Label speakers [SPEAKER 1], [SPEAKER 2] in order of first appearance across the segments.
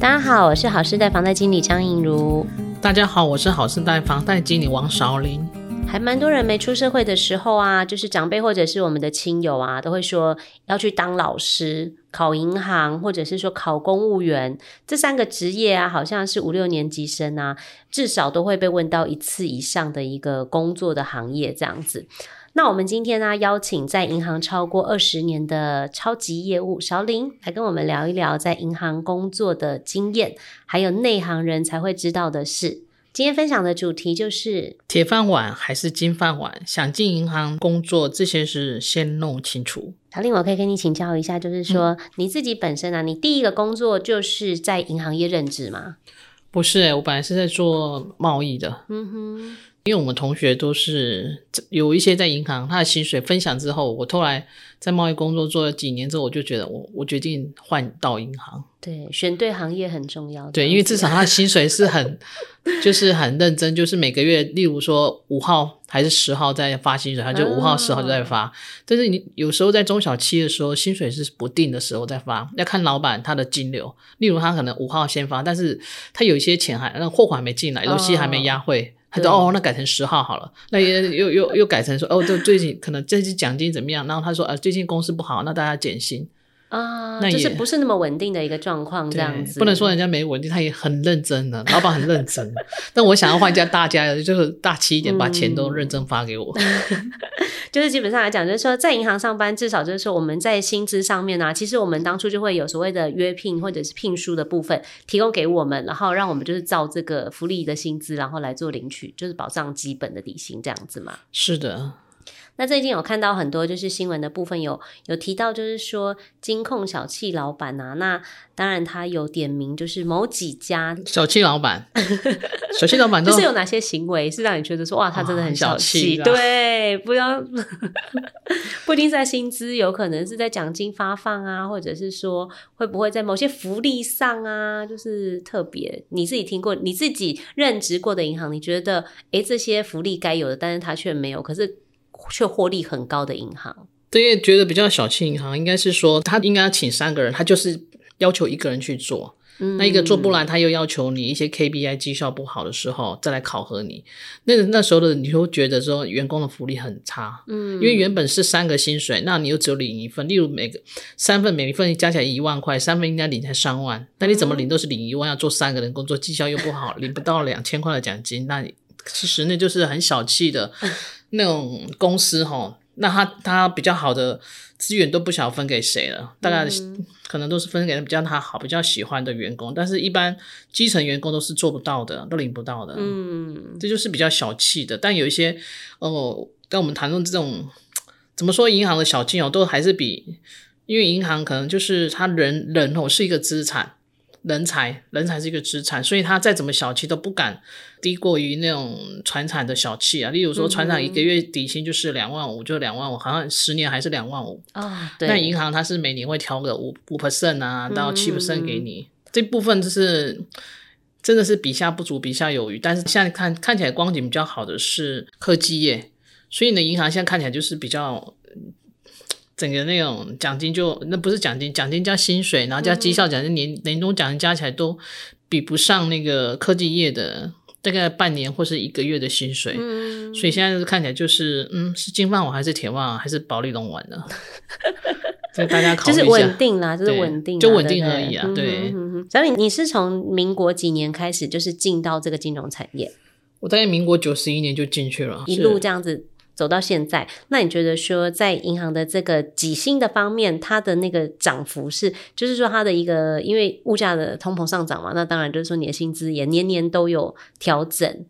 [SPEAKER 1] 大家好，我是好事貸房貸經理張穎茹。大家好，我是好事貸房貸經理王少林。
[SPEAKER 2] 還蠻多人沒出社會的時候啊，就是長輩或者是我們的親友啊，都會說要去當老師、考銀行，或者是說考公務員。這三個職業啊，好像是五六年級生啊，至少都會被問到一次以上的一個工作的行業這樣子。那我們今天呢、啊，邀請在銀行超過二十年的超級業務邵林來跟我們聊一聊在銀行工作的經驗，還有內行人才會知道的事。今天分享的主題就是
[SPEAKER 1] 鐵飯碗還是金飯碗？想進銀行工作，這些事先弄清楚。
[SPEAKER 2] 邵林，我可以跟你請教一下，就是說、嗯、你自己本身啊，你第一個工作就是在銀
[SPEAKER 1] 行業任職嗎？不是、欸，我本來是在做貿易的。嗯哼。因為我們同學都是有一些在銀行，他的薪水分享之後，我後來在貿易工作做了幾年之後，我就覺得我我決定換到銀行。對，選對行業
[SPEAKER 2] 很重要。對，
[SPEAKER 1] 因為至少他的薪水是很， 就是很認真，就是每個月，例如說五號還是十號在發薪水，他就五號十、哦、號就在發。但是你有時候在中小企的時候，薪水是不定的時候在發，要看老闆他的金流。例如他可能五號先發，但是他有一些錢還那貨款還沒進來，有、哦、些還沒押匯。他說：“哦，那改成十號好了。那也又又又改成說，哦，就最近可能這次獎金怎麼樣？然後他說，啊，最近公司不好，那大家減薪
[SPEAKER 2] 啊，那也、就是、不是那麼穩定的一個狀況。這樣子不能說人
[SPEAKER 1] 家沒穩定，他也很認真的。老板很認真， 但我想要換一家，大家就是大氣一點，把錢都認真發給我。嗯”
[SPEAKER 2] 就是基本上來講，就是說在銀行上班，至少就是說我們在薪資上面啊，其實我們當初就會有所謂的約聘或者是聘書的部分提供給我們，然後讓我們就是照這個福利的薪資，然後來做領取，就是保障基本的底薪這樣子嘛。是的。那最近有看到很多就是新聞的部分有，有有提到就是說金控小氣老闆啊，那當然他有點名，就是某幾家小
[SPEAKER 1] 氣老闆，小氣老闆都 就是有哪
[SPEAKER 2] 些行為是讓你覺得說，哇，他真的很小氣。哦，小氣啊。對，不要 不一定在薪資，有可能是在獎金發放啊，或者是說會不會在某些福利上啊，就是特別你自己聽過你自己任職過的銀行，你覺得哎、欸、這些福利該有的，但是他卻沒有，可是。卻獲利很高的銀行，
[SPEAKER 1] 對，覺得比較小氣。銀行應該是說，他應該要請三個人，他就是要求一個人去做。嗯、那一個做不來，他又要求你一些 KBI 績效不好的時候再來考核你。那個、那時候的你會覺得說，員工的福利很差。嗯，因為原本是三個薪水，那你又只有領一份。例如每個三份，每一份加起來一萬塊，三份應該領才三萬。那你怎麼領都是領一萬、嗯，要做三個人工作，績效又不好，領不到兩千塊的獎金。 那你，其實那就是很小氣的。嗯那種公司吼，那他他比較好的資源都不曉得分給誰了，大概可能都是分給比較他好、嗯、比較喜歡的員工，但是一般基層員工都是做不到的，都領不到的。嗯，這就是比較小氣的。但有一些哦，跟我們談論這種，怎麼說，銀行的小金哦，都還是比，因為銀行可能就是他人人哦是一個資產。人才，人才是一個資產，所以他再怎麼小氣都不敢低過於那種傳產的小氣啊。例如說，傳產一個月底薪就是兩萬五，嗯，就兩萬五，好像十年還是兩萬五啊，哦。那銀行它是每年會調個五五 percent 啊到七 percent 給你，嗯嗯嗯，這部分就是真的是比下不足，比下有餘。但是現在看看起來光景比較好的是科技業，所以呢，銀行現在看起來就是比較。整個那種獎金就那不是獎金，獎金加薪水，然後加績效獎金、嗯、年年終獎金加起來都比不上那個科技業的大概半年或是一個月的薪水。嗯、所以現在就是看起來就是，嗯，是金飯碗還是鐵飯碗，碗還是保麗龍碗呢？ 所以大家考慮一下，就是穩定啦，就是穩定啦、就是穩定啦，就穩定而已啊。對，
[SPEAKER 2] 小、嗯、李、嗯，你是從民國幾年開始就是進到這個金融產業？我大概民國九十一年就進
[SPEAKER 1] 去了，一路這
[SPEAKER 2] 樣子。走到現在，那你覺得說在銀行的這個加薪的方面，它的那個漲幅是，就是說它的一個，因為物價的通膨上漲嘛，那當然就是說你的薪資也年年都有調整。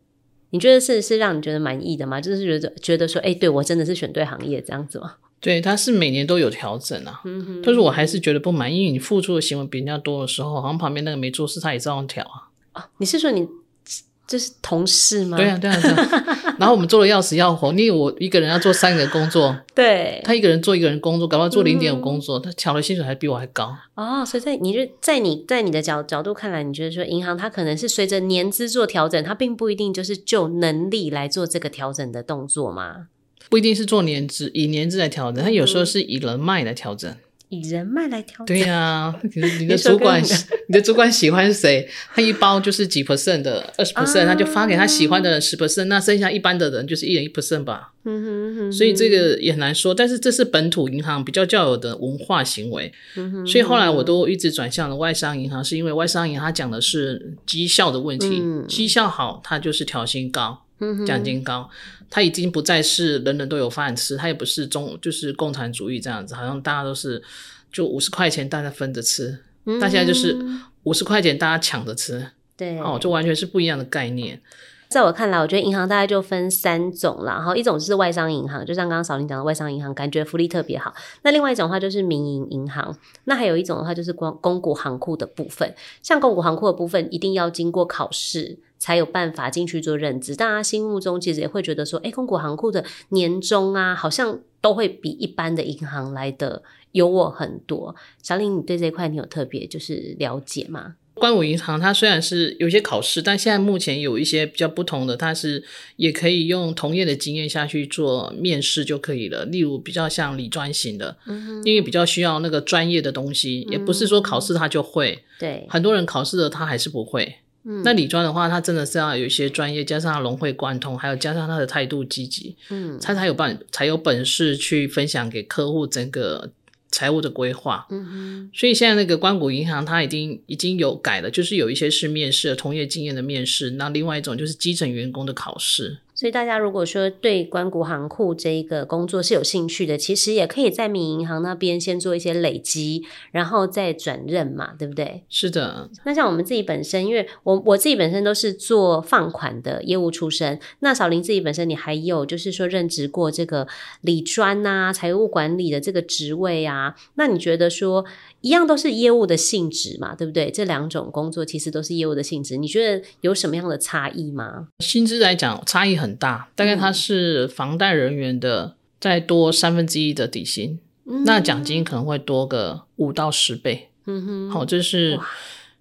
[SPEAKER 2] 你覺得是是讓你覺得滿
[SPEAKER 1] 意的嗎？就是覺得覺得說，哎、欸，對我真的是選對行業這樣子嗎？對，它是每年都有調整啊，嗯哼，但是我還是覺得不滿意，因為你付出的行為比人家多的時候，好像旁邊那個沒做事，他也照樣調啊。啊，
[SPEAKER 2] 你是說你？這是同事嗎？對啊，對啊，
[SPEAKER 1] 對啊。 然後我們做了要死要活，因為我一個人要做三個工作，
[SPEAKER 2] 對，
[SPEAKER 1] 他一個人做一個人工作，搞不好做零點五工作，他喬的薪水還比我還高。
[SPEAKER 2] 哦、oh，所以在你就在你在你的角角度看來，你覺得說銀行它可能是隨着年資做調整，它並不一定就是就能力來做這個
[SPEAKER 1] 調整的動作嘛？不一定是做年資，以年資來調整，它有時候是以人脈來調整。Mm -hmm. 以人脈來調，對呀、啊，你的你的主管， 你的主管喜歡誰？他一包就是幾 percent 的二十 percent，他就發給他喜歡的人十 percent、啊、那剩下一般的人就是一人一 percent 吧嗯。嗯哼，所以這個也很難說，但是這是本土銀行比較較有的文化行為。嗯哼，所以後來我都一直轉向了外商銀行，是因為外商銀行他講的是績效的問題，嗯、績效好，他就是調薪高。獎 金高，他已經不再是人人都有飯吃，他也不是中就是共產主義這樣子，好像大家都是就五十塊錢大家分着吃，但 現在就是五十塊錢大家搶着吃，對，哦，就完全是不一樣的概念。
[SPEAKER 2] 在我看來，我覺得銀行大概就分三種。然後一種就是外商銀行，就像剛剛小林講的外商銀行，感覺福利特別好。那另外一種的話就是民營銀行，那還有一種的話就是公公股行庫的部分。像公股行庫的部分，一定要經過考試才有辦法進去做任職。大家心目中其實也會覺得說，哎、欸，公股行庫的年終啊，好像都會比一般的銀行來得優渥很多。小林，你對這一塊你有特別就是了解嗎？
[SPEAKER 1] 官股銀行，它雖然是有些考試，但現在目前有一些比較不同的，它是也可以用同業的經驗下去做面試就可以了。例如比較像理專型的、嗯，因為比較需要那個專業的東西、嗯，也不是說考試他就會、嗯。對，很多人考試的他還是不會。嗯，那理專的話，他真的是要有一些專業，加上它融會貫通，還有加上他的態度積極，嗯，他才有辦才有本事去分享給客戶整個。財務的規劃，嗯，所以現在那個官股銀行，它已經已經有改了，就是有一些是面試，同業經驗的面試，那另外一種就是基層員工的考試。
[SPEAKER 2] 所以大家如果說對官股行庫這一個工作是有興趣的，其實也可以在民營銀行那邊先做一些累積，然後再轉任嘛，對不對？是的。那像我們自己本身，因為我我自己本身都是做放款的業務出身。那小林自己本身，你還有就是說任職過這個理專啊、財務管理的這個職位啊？那你覺得說？一樣都是業務的性質嘛，對不對？這兩種工作其實
[SPEAKER 1] 都是業務的性質，你覺得有什麼樣的差異嗎？薪資來講，差異很大，大概它是房貸人員的再多三分之一的底薪，嗯、那獎金可能會多個五到十倍。嗯哼，好、哦，這、就是，這、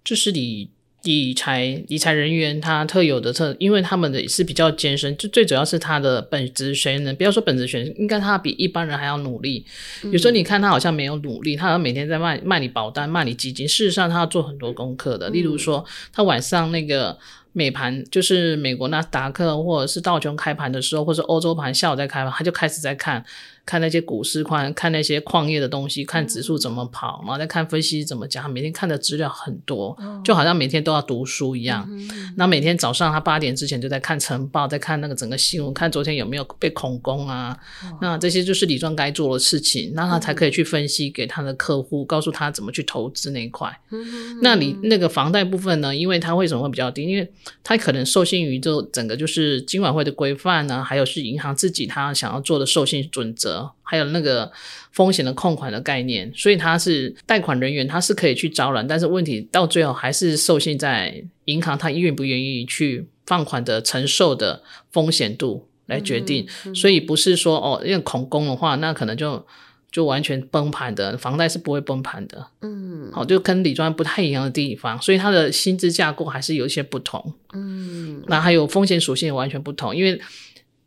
[SPEAKER 1] 就是你。理財理財人員他特有的特，因為他們的是比較艱深，就最主要是他的本職學能，不要說本職學能，應該他比一般人還要努力。嗯。有時候你看他好像沒有努力，他好像每天在賣賣你保單、賣你基金，事實上他要做很多功課的。嗯。例如說，他晚上那個。美盤就是美國納斯達克或者是道瓊開盤的時候，或者歐洲盤下午在開盤，他就開始在看看那些股市寬，看那些礦業的東西，看指數怎麼跑嘛，然後再看分析怎麼講，每天看的資料很多，就好像每天都要讀書一樣。Oh. 那每天早上他八點之前就在看晨報，在看那個整個新聞，看昨天有沒有被恐攻啊。Oh. 那這些就是理專該做的事情，那他才可以去分析給他的客戶，告訴他怎麼去投資那一塊。Oh. 那你那個房貸部分呢？因為他為什麼會比較低？因為它可能受限於就整個就是金管會的規範呢、啊，還有是銀行自己他想要做的授信準則，還有那個風險的控管的概念，所以他是貸款人員他是可以去招攬，但是問題到最後還是受限在銀行他願不願意去放款的承受的風險度來決定，嗯嗯嗯、所以不是說哦，因為恐攻的話，那可能就。就完全崩盤的房貸是不會崩盤的，嗯，好、哦，就跟理專不太一樣的地方，所以它的薪資架構還是有一些不同，嗯，那還有風險屬性也完全不同，因為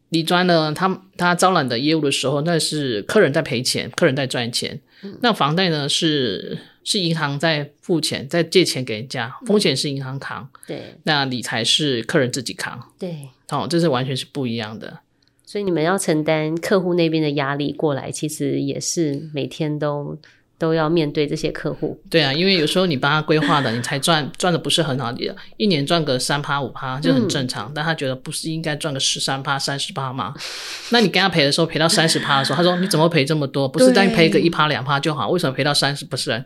[SPEAKER 1] 理專呢，他他招攬的業務的時候，那是客人在賠錢，客人在賺錢，嗯、那房貸呢是是銀行在付錢，在借錢給人家，風險是銀行扛，嗯、對，那理財是客人自己扛，對，好、哦，這是完全是不一樣的。
[SPEAKER 2] 所以你們要承擔客戶那邊的壓力過來，其實也是每天都。都要面對這些客戶，
[SPEAKER 1] 對啊，因為有時候你幫他規劃的，你才賺 賺的不是很好，的一年賺個三趴五趴就很正常、嗯，但他覺得不是應該賺個十三趴三十趴嗎？ 那你跟他賠的時候，賠到三十趴的時候，他說你怎麼賠這麼多？ 不是單賠個一趴兩趴就好，為什麼賠到三十不是？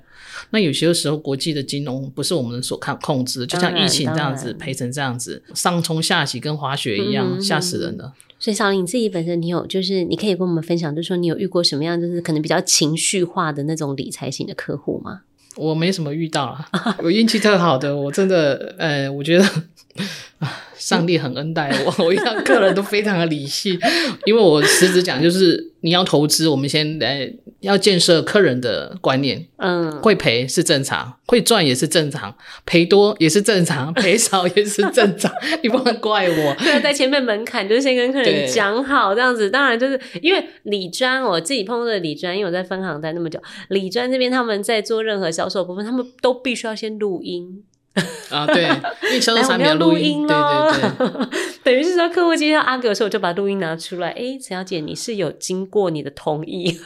[SPEAKER 1] 那有些時候國際的金融不是我們所看控制，就像疫情這樣子、嗯、賠成這樣子，上沖下洗跟滑雪一樣，嗯、嚇死人了。
[SPEAKER 2] 所以小林你自己本身你有就是你可以跟我們分享，就是說你有遇過什麼樣就是可能比較情緒化的
[SPEAKER 1] 那種理。理財型的客戶嗎？我沒什麼遇到啊。我運氣特好的， 我真的，呃、哎，我覺得，上帝很恩待我，我遇到客人都非常的理性， 因為我實質講就是你要投資，我們先，來。要建設客人的觀念，嗯，會賠是正常，會賺也是正常，賠多也是正常，賠少也是正常， 你不能怪我。對、
[SPEAKER 2] 啊，在前面門檻就先跟客人講好這樣子。當然，就是因為理專，我自己碰到的理專，因為我在分行待那麼久，理專這邊他們在做任何銷售部分，他們都必須要先錄音。
[SPEAKER 1] 啊，對，因為銷售上面要錄音、哦，對對
[SPEAKER 2] 對、對。 等於是說，客戶接到阿哥的時候，我就把錄音拿出來。哎、欸，陳小姐，你是有經過你的同意？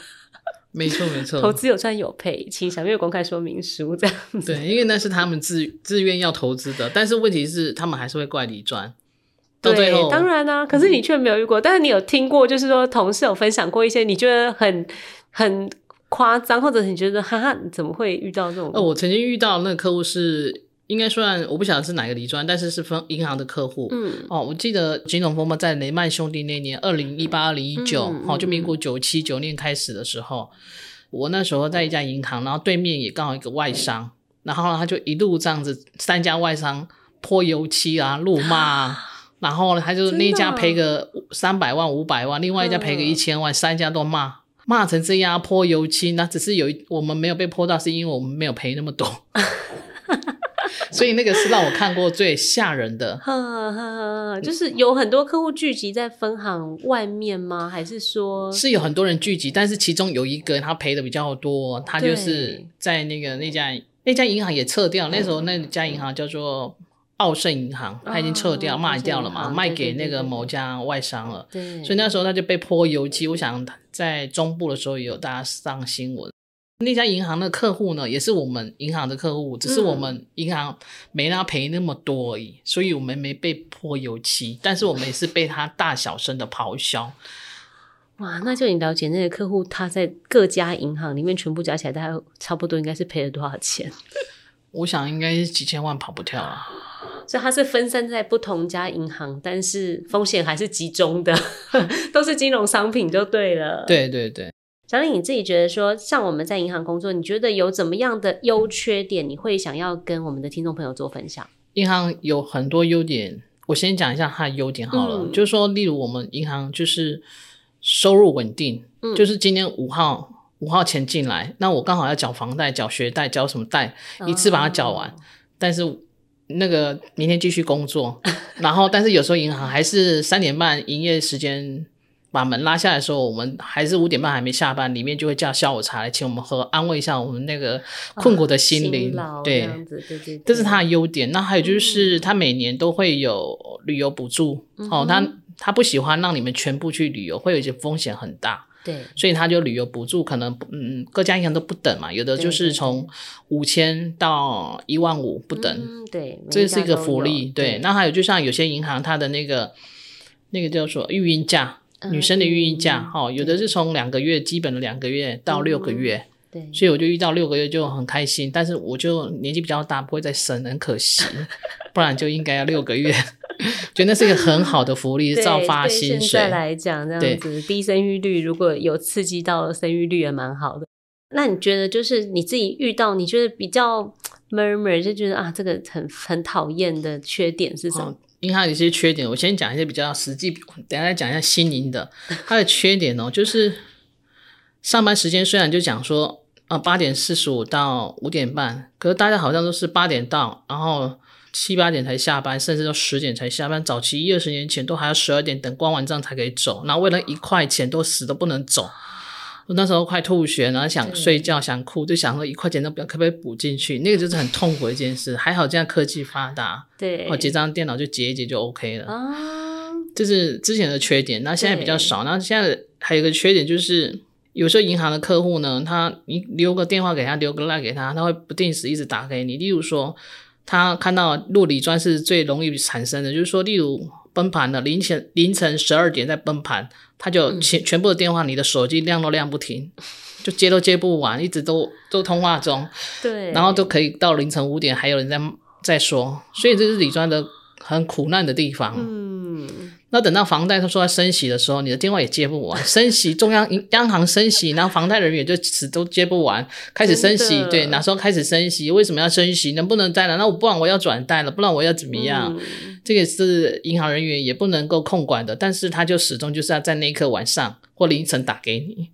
[SPEAKER 1] 沒錯沒錯，投資
[SPEAKER 2] 有賺有賠，請詳閱公開說明書這樣
[SPEAKER 1] 子。對，因為那是他們自自願要投資的，但是問題是他們還是會怪理專 對，當
[SPEAKER 2] 然啊，可是你卻沒有遇過，嗯、但是你有聽過，就是說同事有分享過一些你覺得很很誇張，或
[SPEAKER 1] 者你覺得哈哈你怎麼會遇到這種？呃、哦，我曾經遇到那個客戶是。應該算，我不曉得是哪個理專，但是是分銀行的客戶。嗯，哦，我記得金融風暴在雷曼兄弟那年 2018, 2019、嗯，二零一八、二零一九，好，就民國九七、九年開始的時候，我那時候在一家銀行，然後對面也剛好一個外商，然後他就一路這樣子，三家外商潑油漆啊，怒罵、啊，然後他就那一家賠個三百萬、五百萬，另外一家賠個一千萬、嗯，三家都罵，罵成這樣潑油漆，那只是有一我們沒有被潑到，是因為我們沒有賠那麼多。 所以那個是讓我看過最嚇人的，
[SPEAKER 2] 就是有很多客戶聚集在分行外面嗎？還是說，是有很
[SPEAKER 1] 多人聚集，但是其中有一個他賠的比較多，他就是在那個那家那家銀行也撤掉，那時候那家銀行叫做澳盛銀行，他已經撤掉、哦、賣掉了嘛，賣給那個某家外商了。對，所以那時候他就被潑油漆。我想在中部的時候也有大家上新聞。那家銀行的客戶呢，也是我們銀行的客戶，只是我們銀行沒讓他賠那麼多而已、嗯，所以我們沒被潑油漆，但是我們也是被他大小聲的咆哮、嗯。
[SPEAKER 2] 哇，那就你了解那個客戶，他在各家銀行裡面全部加
[SPEAKER 1] 起來，大概差不多應該是賠了多少錢？我想應該是幾千萬跑不掉啊。
[SPEAKER 2] 所以他是分散在不同家銀行，但是風險還是集中的， 都是金融商品就對了。對對對。小李，你自己覺得說，像我們在銀行工作，你覺得有怎麼樣的優缺點？你會想要跟我們的聽眾朋友做分享？
[SPEAKER 1] 銀行有很多優點，我先講一下它的優點好了。嗯、就是說，例如我們銀行就是收入穩定，嗯、就是今天五號五號，錢進來，那我剛好要繳房貸、繳學貸、繳什麼貸，一次把它繳完、哦。但是那個明天繼續工作， 然後但是有時候銀行還是三點半營業時間。把門拉下來的時候，我們還是五點半還沒下班，裡面就會叫下午茶來請我們喝，安慰一下我們那個困苦的心靈、哦。對，這是它的優點。那還有就是，它每年都會有旅遊補助、嗯。哦，它它不喜歡讓你們全部去旅遊，會有一些風險很大。對、嗯嗯，所以它就旅遊補助可能嗯各家銀行都不等嘛，有的就是從五千到一萬五不等。對，對，對，這是一個福利。對，對那還有就像有些銀行它的那個那個叫做育嬰假。女生的育嬰假，哈、嗯喔，有的是從兩個月，基本的兩個月到六個月，對、嗯，所以我就遇到六個月就很開心。但是我就年紀比較大，不會再生，很可惜， 不然就應該要六個月。 覺得那是一個很好的福利， 照發薪水。對，對，現在來
[SPEAKER 2] 講，這樣子對低生育率，如果有刺激到生育率，也蠻好的。那你覺得，就是你自己遇到，你覺得比較 murmur 就覺得啊，這個很很討
[SPEAKER 1] 厭的缺點是什麼？銀行有一些缺點，我先講一些比較實際。等下來講一下心靈的。它的缺點哦，就是上班時間雖然就講說啊，八點四十五到五點半，可是大家好像都是八點到，然後七八點才下班，甚至都十點才下班。早期一二十年前都還要十二點等關完帳才可以走，然後為了一塊錢都死都不能走。我那時候快吐血，然後想睡覺，想哭，就想說一塊錢都不要可不可以補進去？那個就是很痛苦的一件事。還好現在科技發達，對，我結賬電腦就結一結就 OK 了。啊，就是之前的缺點，那現在比較少。那現在還有一個缺點就是，有時候銀行的客戶呢，他你留個電話給他，留個賴給他，他會不定時一直打給你。例如說，他看到錄理專是最容易產生的，就是說，例如。崩盤了，凌晨凌晨十二點在崩盤，他就全、嗯、全部的電話，你的手機亮都亮不停，就接都接不完，一直都都通話中，對，然後都可以到凌晨五點還有人在在說，所以這是理專的很苦難的地方。嗯。嗯那等到房貸他說要升息的時候，你的電話也接不完。升息，中央銀央行升息，然後房貸人員就始終接不完，開始升息。對，哪時候開始升息？為什麼要升息？能不能貸了？那不然我要轉貸了，不然我要怎麼樣、嗯？這個是銀行人員也不能夠控管的，但是他就始終就是要在那一刻晚上或凌晨打給你，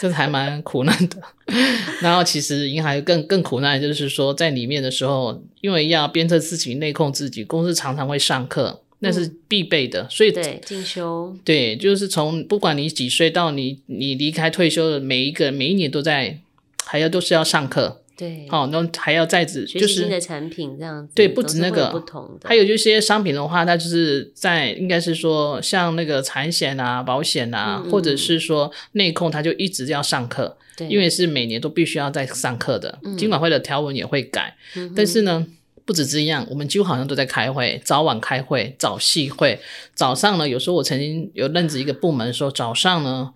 [SPEAKER 1] 這是還蠻苦難的。 然後其實銀行更更苦難，就是說在裡面的時候，因為要鞭策自己內控自己，公司常常會上課。那是必備的，嗯、所以對，進修對，就是從不管你幾歲到你你離開退休的每一個每一年都在，還要都是要上課，對，哦，然後還要再在就是新的
[SPEAKER 2] 產品這樣子、就是、對，不止那個不同
[SPEAKER 1] 還有就些商品的話，它就是在應該是說像那個產險啊、保險啊，嗯嗯或者是說內控，它就一直要上課，對，因為是每年都必須要在上課的，金、嗯、管會的條文也會改，嗯、但是呢。不止這樣，我們就好像都在開會，早晚開會，早夕會。早上呢，有時候我曾經有任職一個部門說，早上呢，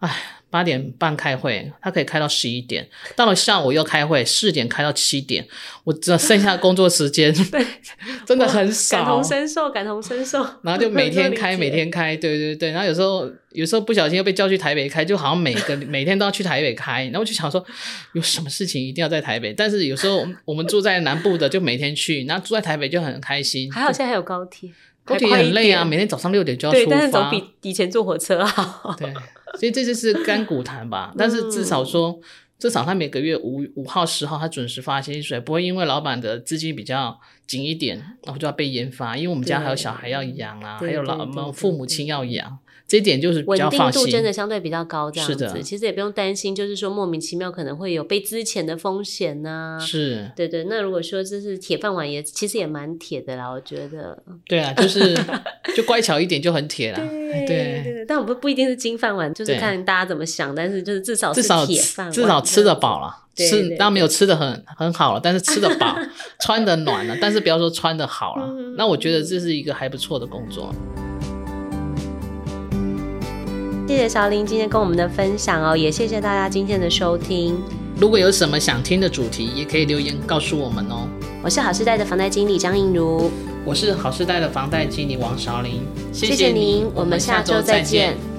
[SPEAKER 1] 哎。八點半開會，他可以開到十一點。到了下午又開會，四點開到七點。我知道剩下的工作時間， 對 真的很少。感同身
[SPEAKER 2] 受，感同身受。然後就每天開，每天
[SPEAKER 1] 開，對對對。然後有時候有時候不小心又被叫去台北開，就好像每個 每天都要去台北開。然後我就想說，有什麼事情一定要在台北？但是有時候我們住在南部的，就每天去，然後住在台北就很開心。還
[SPEAKER 2] 好現在還有高鐵，高鐵很累啊，
[SPEAKER 1] 每天早上六點就要出發。但是總比以前坐火車好。
[SPEAKER 2] 對。
[SPEAKER 1] 所以這就是甘苦談吧，但是至少說，至少他每個月五五號、十號他準時發薪水，不會因為老板的資金比較緊一點，然後就要被延發。因為我們家還有小孩要養啊，還有老，我們父母親要養。這一點就是比較穩定度真的相對比較高。這樣子是的，其實
[SPEAKER 2] 也不用擔心，就是說莫名其妙可能會有被資遣的風險呢。啊、是，對對。那如果說這是鐵飯碗也，也其實也蠻鐵
[SPEAKER 1] 的啦，我覺得。對啊，就是 就乖巧一點就很鐵啦。對，對，
[SPEAKER 2] 對，但我不不一定是金飯碗，就是看大家怎麼想，但是就是至少是鐵飯碗，至少至少吃
[SPEAKER 1] 得飽了，對對對對，吃當然沒有吃得很很好了，但是吃得飽， 穿得暖了，但是不要說穿得好了， 那我覺得這是一個還不錯的工作。
[SPEAKER 2] 謝謝韶玲今天跟我們的分享哦，也謝謝大家今天的收聽。如果
[SPEAKER 1] 有什麼想聽的主題，也可以留言告訴我們哦。我是好事貸的房貸經理張映如，我是好事貸的房貸經理王韶玲，謝謝您，我們下周再見。再見。